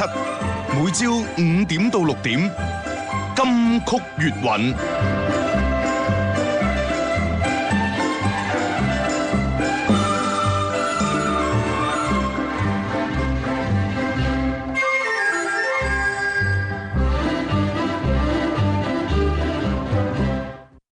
每朝五點到六點，金曲粵韻。